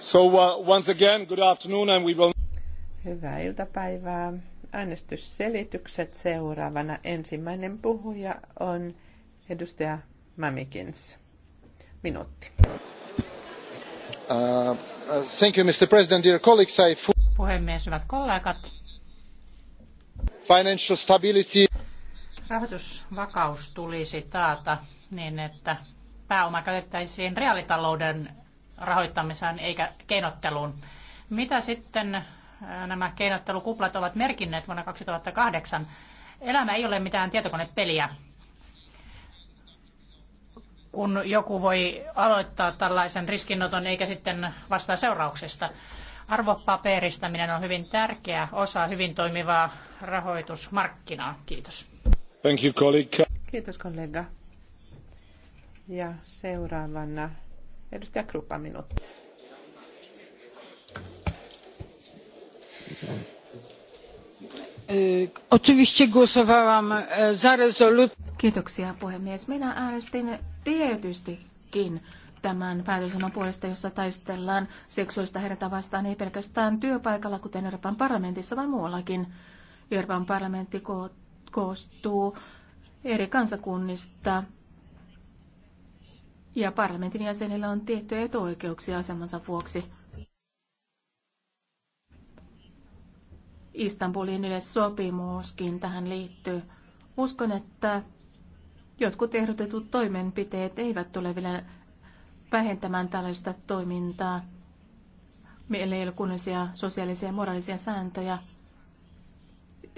So uh, once again, good afternoon and we will... Hyvää iltapäivää. Äänestysselitykset seuraavana. Ensimmäinen puhuja on edustaja Mamikins. Minuutti. Uh, uh thank you, Mr. President. Dear colleagues, I... Puhemies, hyvät kollegat. Financial stability. Rahoitusvakaus tulisi taata niin, että pääoma käytettäisiin reaalitalouden rahoittamiseen eikä keinotteluun. Mitä sitten äh, nämä keinottelukuplat ovat merkinneet vuonna 2008? Elämä ei ole mitään tietokonepeliä. Kun joku voi aloittaa tällaisen riskinoton eikä sitten vastaa seurauksista. Arvopaperistaminen on hyvin tärkeä osa hyvin toimivaa rahoitusmarkkinaa. Kiitos. Thank you, colleague. Kiitos kollega. Ja seuraavana Edustaja Kruppa minuutti. E, Kiitoksia puhemies. Minä äänestin tietystikin tämän päätöslauselman puolesta, jossa taistellaan seksuaalista herätä vastaan ei pelkästään työpaikalla, kuten Euroopan parlamentissa, vaan muuallakin. Euroopan parlamentti koostuu eri kansakunnista, ja parlamentin jäsenillä on tiettyjä etuoikeuksia asemansa vuoksi. Istanbulin yleissopimuskin tähän liittyy. Uskon, että jotkut ehdotetut toimenpiteet eivät tule vielä vähentämään tällaista toimintaa. Meillä ei ole kunnollisia sosiaalisia ja moraalisia sääntöjä.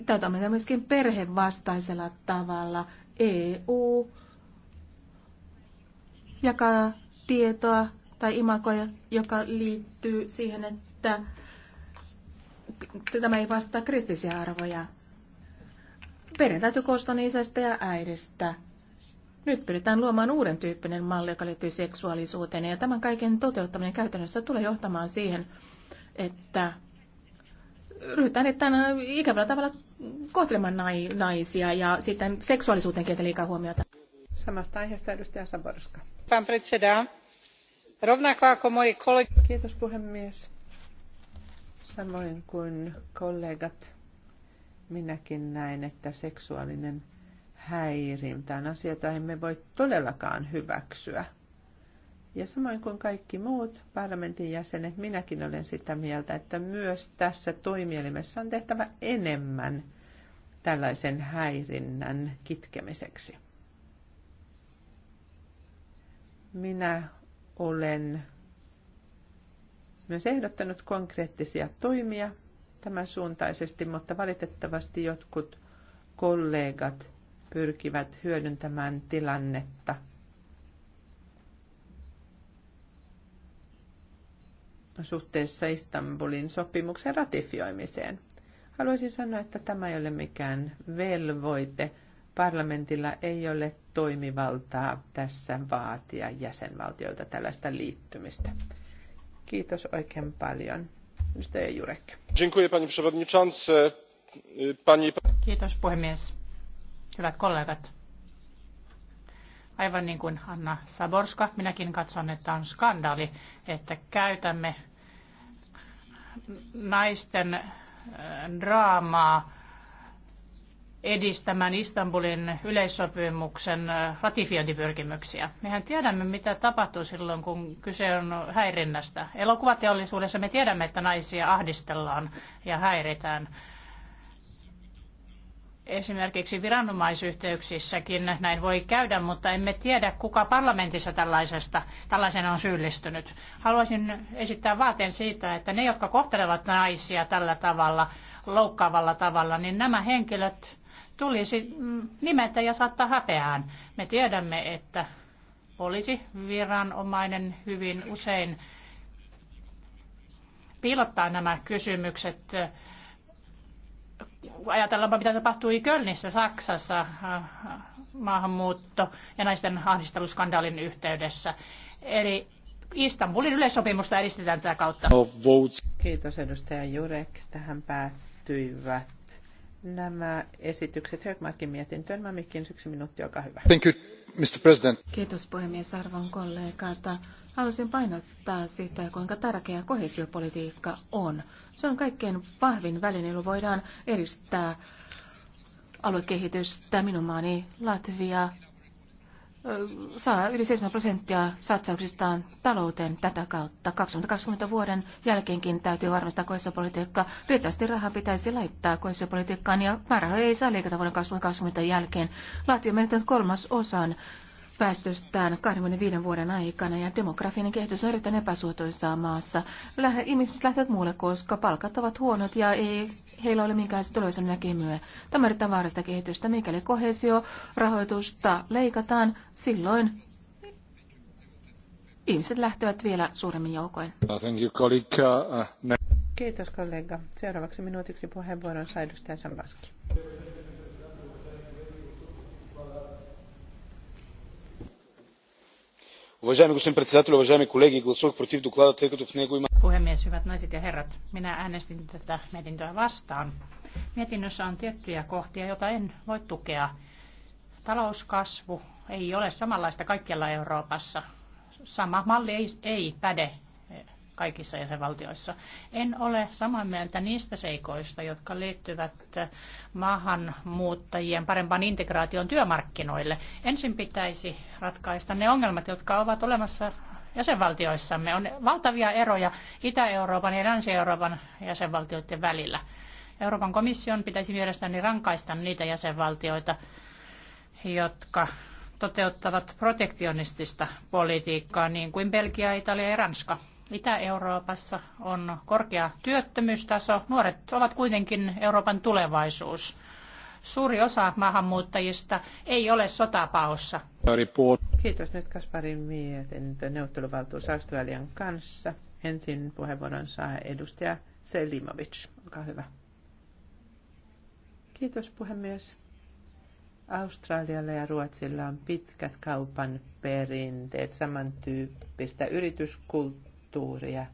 Tämä on myöskin perhevastaisella tavalla. EU jakaa tietoa tai imakoja, joka liittyy siihen, että tämä ei vastaa kristillisiä arvoja. Perhe täytyy koostua isästä ja äidistä. Nyt pyritään luomaan uuden tyyppinen malli, joka liittyy seksuaalisuuteen, ja tämän kaiken toteuttaminen käytännössä tulee johtamaan siihen, että ryhdytään erittäin ikävällä tavalla kohtelemaan naisia ja sitten seksuaalisuuteen kiinnitetään liikaa huomiota. Samasta aiheesta edustaja Saborska. Pán predseda, rovnako ako moje Kiitos puhemies. Samoin kuin kollegat, minäkin näin, että seksuaalinen häirintä on asia, jota emme voi todellakaan hyväksyä. Ja samoin kuin kaikki muut parlamentin jäsenet, minäkin olen sitä mieltä, että myös tässä toimielimessä on tehtävä enemmän tällaisen häirinnän kitkemiseksi. Minä olen myös ehdottanut konkreettisia toimia tämän suuntaisesti, mutta valitettavasti jotkut kollegat pyrkivät hyödyntämään tilannetta suhteessa Istanbulin sopimuksen ratifioimiseen. Haluaisin sanoa, että tämä ei ole mikään velvoite – parlamentilla ei ole toimivaltaa tässä vaatia jäsenvaltioilta tällaista liittymistä. Kiitos oikein paljon. Jurek. Dziękuję przewodniczący. Pani... Kiitos puhemies. Hyvät kollegat. Aivan niin kuin Anna Saborska, minäkin katson, että on skandaali, että käytämme naisten äh, draamaa edistämään Istanbulin yleissopimuksen äh, ratifiointipyrkimyksiä. Mehän tiedämme, mitä tapahtuu silloin, kun kyse on häirinnästä. Elokuvateollisuudessa me tiedämme, että naisia ahdistellaan ja häiritään. Esimerkiksi viranomaisyhteyksissäkin näin voi käydä, mutta emme tiedä, kuka parlamentissa tällaisesta, tällaisen on syyllistynyt. Haluaisin esittää vaateen siitä, että ne, jotka kohtelevat naisia tällä tavalla, loukkaavalla tavalla, niin nämä henkilöt tulisi mm, nimetä ja saattaa häpeään. Me tiedämme, että viranomainen hyvin usein piilottaa nämä kysymykset. Ajatellaanpa, mitä tapahtui Kölnissä, Saksassa, äh, äh, maahanmuutto- ja naisten ahdisteluskandaalin yhteydessä. Eli Istanbulin yleissopimusta edistetään tätä kautta. No, Kiitos edustaja Jurek. Tähän päättyivät nämä esitykset Högmarkin mietintöön. Mä mikin yksi minuutti, olkaa hyvä. Thank you, Mr. President. Kiitos puhemies arvon kollegat. Haluaisin painottaa sitä, kuinka tärkeä kohesiopolitiikka on. Se on kaikkein vahvin väline, jolla voidaan edistää aluekehitystä. Minun maani Latvia saa yli 7 prosenttia satsauksistaan talouteen tätä kautta. 2020 vuoden jälkeenkin täytyy varmistaa koesiopolitiikka. Riittävästi rahaa pitäisi laittaa koesiopolitiikkaan ja määrärahoja ei saa leikata vuoden 2020 jälkeen. Latvia on menettänyt kolmas osan väestöstään 25 vuoden aikana ja demografinen kehitys on erittäin epäsuotoisaa maassa. Lähe, ihmiset lähtevät muulle, koska palkat ovat huonot ja ei heillä ole minkäänlaista tulevaisuuden näkemyä. Tämä erittäin vaarallista kehitystä. Mikäli kohesio rahoitusta leikataan, silloin ihmiset lähtevät vielä suuremmin joukoin. Uh, Kiitos kollega. Seuraavaksi minuutiksi puheenvuoron saa edustaja Sambaski. господин председател, уважаеми колеги, гласувах против доклада, тъй като в него има... Puhemies, hyvät naiset ja herrat, minä äänestin tätä mietintöä vastaan. Mietinnössä on tiettyjä kohtia, joita en voi tukea. Talouskasvu ei ole samanlaista kaikkialla Euroopassa. Sama malli ei, ei päde kaikissa jäsenvaltioissa. En ole samaa mieltä niistä seikoista, jotka liittyvät maahanmuuttajien parempaan integraation työmarkkinoille. Ensin pitäisi ratkaista ne ongelmat, jotka ovat olemassa jäsenvaltioissamme. On valtavia eroja Itä-Euroopan ja Länsi-Euroopan jäsenvaltioiden välillä. Euroopan komission pitäisi mielestäni rankaista niitä jäsenvaltioita, jotka toteuttavat protektionistista politiikkaa, niin kuin Belgia, Italia ja Ranska. Itä-Euroopassa on korkea työttömyystaso. Nuoret ovat kuitenkin Euroopan tulevaisuus. Suuri osa maahanmuuttajista ei ole sotapaossa. Kiitos nyt Kasparin mietintö neuvotteluvaltuus Australian kanssa. Ensin puheenvuoron saa edustaja Selimovic. Olkaa hyvä. Kiitos puhemies. Australialla ja Ruotsilla on pitkät kaupan perinteet, samantyyppistä yrityskulttuuria kulttuuria.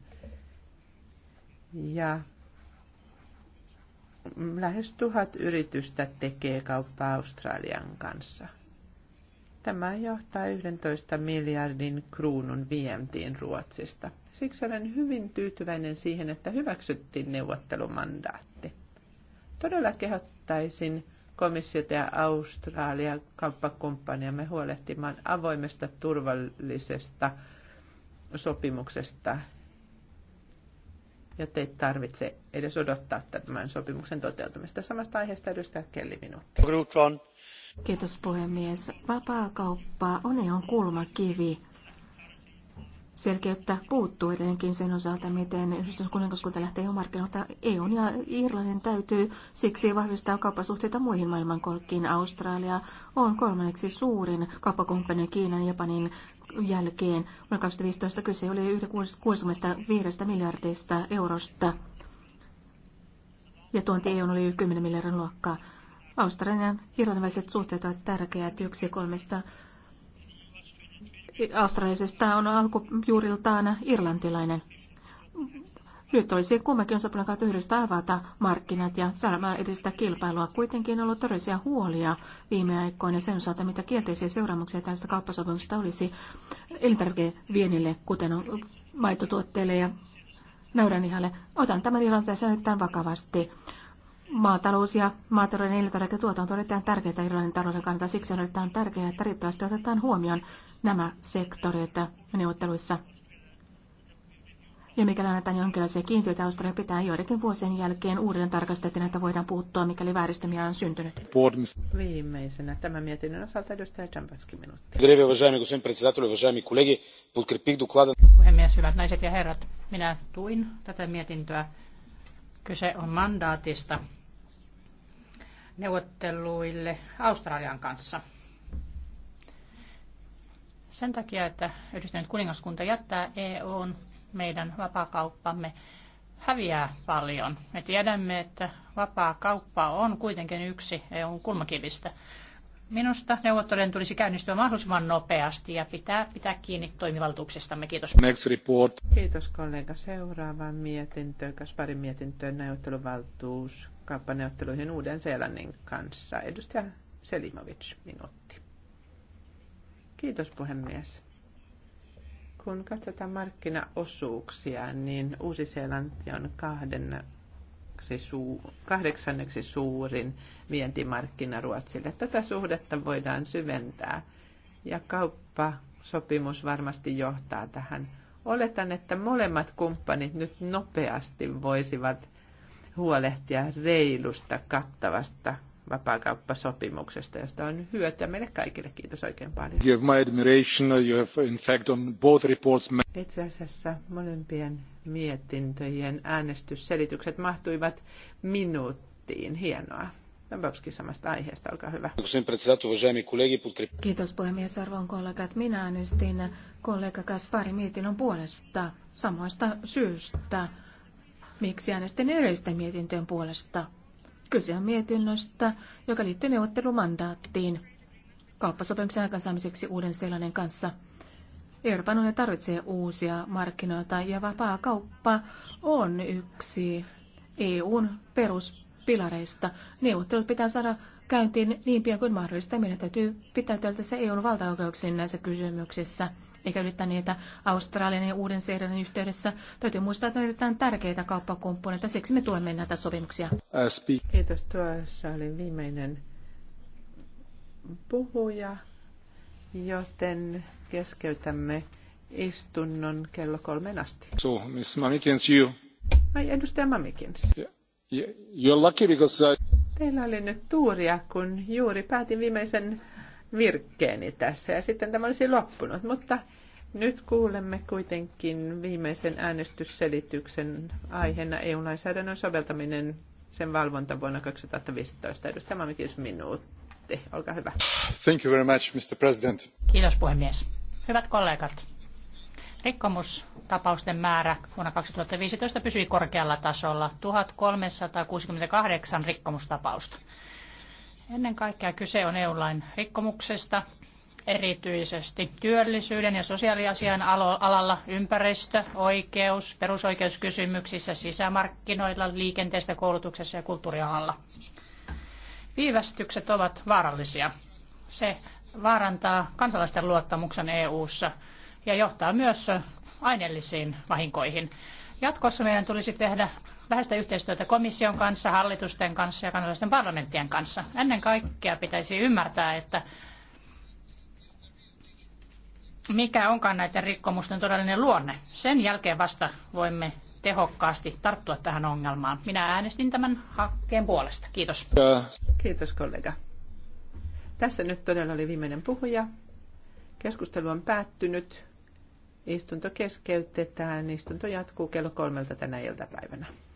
Ja lähes tuhat yritystä tekee kauppaa Australian kanssa. Tämä johtaa 11 miljardin kruunun vientiin Ruotsista. Siksi olen hyvin tyytyväinen siihen, että hyväksyttiin neuvottelumandaatti. Todella kehottaisin komissiota ja Australia kauppakumppaniamme huolehtimaan avoimesta, turvallisesta, sopimuksesta, jotta ei tarvitse edes odottaa tämän sopimuksen toteutumista. Samasta aiheesta edustaja Kelli minuutti. Kiitos puhemies. Vapaakauppa on ihan kulmakivi. Selkeyttä puuttuu edelleenkin sen osalta, miten yhdistyskuningaskunta lähtee EU-markkinoilta. EU ja Irlannin täytyy siksi vahvistaa kauppasuhteita muihin maailmankolkkiin. Australia on kolmanneksi suurin kauppakumppani Kiinan, Japanin, jälkeen. Vuonna 2015 kyse oli 65 miljardista eurosta ja tuonti EU oli 10 miljardin luokkaa. Australian irlantilaiset suhteet ovat tärkeät yksi kolmesta australisesta on alkujuuriltaan irlantilainen. Nyt olisi on osapuolen kautta yhdessä avata markkinat ja saada edistää kilpailua. Kuitenkin on ollut todellisia huolia viime aikoina sen osalta, mitä kielteisiä seuraamuksia tästä kauppasopimuksesta olisi elintarvikevienille, kuten maitotuotteille ja nauranihalle. Otan tämän ilantaisen erittäin vakavasti. Maatalous ja maatalouden elintarviketuotanto on erittäin tärkeää. Irlannin talouden kannalta. Siksi on erittäin tärkeää, että riittävästi otetaan huomioon nämä sektorit neuvotteluissa ja mikäli annetaan jonkinlaisia kiintiöitä, Australia pitää joidenkin vuosien jälkeen uudelleen tarkastettuna, että voidaan puuttua, mikäli vääristymiä on syntynyt. Viimeisenä tämän mietinnön osalta edustaja Jambaski minuutti. Puhemies, hyvät naiset ja herrat, minä tuin tätä mietintöä. Kyse on mandaatista neuvotteluille Australian kanssa. Sen takia, että yhdistynyt kuningaskunta jättää EUn meidän vapaakauppamme häviää paljon. Me tiedämme, että vapaa kauppa on kuitenkin yksi EUn kulmakivistä. Minusta neuvottelujen tulisi käynnistyä mahdollisimman nopeasti ja pitää pitää kiinni toimivaltuuksistamme. Kiitos. Next report. Kiitos kollega. Seuraava mietintö, Kasparin mietintö, neuvotteluvaltuus kauppaneuvotteluihin Uuden-Seelannin kanssa. Edustaja Selimovic, minuutti. Kiitos puhemies. Kun katsotaan markkinaosuuksia, niin Uusi-Seelanti on kahden kahdeksanneksi suurin vientimarkkina Ruotsille. Tätä suhdetta voidaan syventää ja kauppasopimus varmasti johtaa tähän. Oletan, että molemmat kumppanit nyt nopeasti voisivat huolehtia reilusta kattavasta vapaakauppasopimuksesta, josta on hyötyä meille kaikille. Kiitos oikein paljon. Give my admiration. You have in fact on both reports... Itse asiassa molempien mietintöjen äänestysselitykset mahtuivat minuuttiin. Hienoa. Dombrovski samasta aiheesta, olkaa hyvä. Kiitos puhemies, arvon kollegat. Minä äänestin kollega Kaspari mietinnön puolesta samoista syystä. Miksi äänestin edellisten mietintöjen puolesta? Kyse on mietinnöstä, joka liittyy neuvottelumandaattiin kauppasopimuksen aikaansaamiseksi uuden sellainen kanssa. Euroopan unioni tarvitsee uusia markkinoita ja vapaa kauppa on yksi EUn peruspilareista. Neuvottelut pitää saada käyntiin niin pian kuin mahdollista. Meidän täytyy pitää tässä EUn valtaoikeuksiin näissä kysymyksissä eikä yrittää niitä Australian ja uuden seerannin yhteydessä. Täytyy muistaa, että ne on tärkeitä kauppakumppaneita, siksi me tuemme näitä sopimuksia. Kiitos. Tuossa oli viimeinen puhuja, joten keskeytämme istunnon kello kolmen asti. So, Miss Mamikins, you. Ai, edustaja Mamikins. Yeah. You're lucky because I... Teillä oli nyt tuuria, kun juuri päätin viimeisen virkkeeni tässä ja sitten tämä olisi loppunut, mutta nyt kuulemme kuitenkin viimeisen äänestysselityksen aiheena EU-lainsäädännön soveltaminen sen valvonta vuonna 2015. Edustaja Mamikis minuutti. Olkaa hyvä. Thank you very much, Mr. President. Kiitos puhemies. Hyvät kollegat, rikkomustapausten määrä vuonna 2015 pysyi korkealla tasolla 1368 rikkomustapausta. Ennen kaikkea kyse on EU-lain rikkomuksesta – erityisesti työllisyyden ja sosiaaliasian alalla, ympäristö, oikeus, perusoikeuskysymyksissä, sisämarkkinoilla, liikenteestä, koulutuksessa ja kulttuurialalla. Viivästykset ovat vaarallisia. Se vaarantaa kansalaisten luottamuksen EU:ssa ja johtaa myös aineellisiin vahinkoihin. Jatkossa meidän tulisi tehdä läheistä yhteistyötä komission kanssa, hallitusten kanssa ja kansallisten parlamenttien kanssa. Ennen kaikkea pitäisi ymmärtää, että mikä onkaan näiden rikkomusten todellinen luonne. Sen jälkeen vasta voimme tehokkaasti tarttua tähän ongelmaan. Minä äänestin tämän hakkeen puolesta. Kiitos. Kiitos kollega. Tässä nyt todella oli viimeinen puhuja. Keskustelu on päättynyt. Istunto keskeytetään. Istunto jatkuu kello kolmelta tänä iltapäivänä.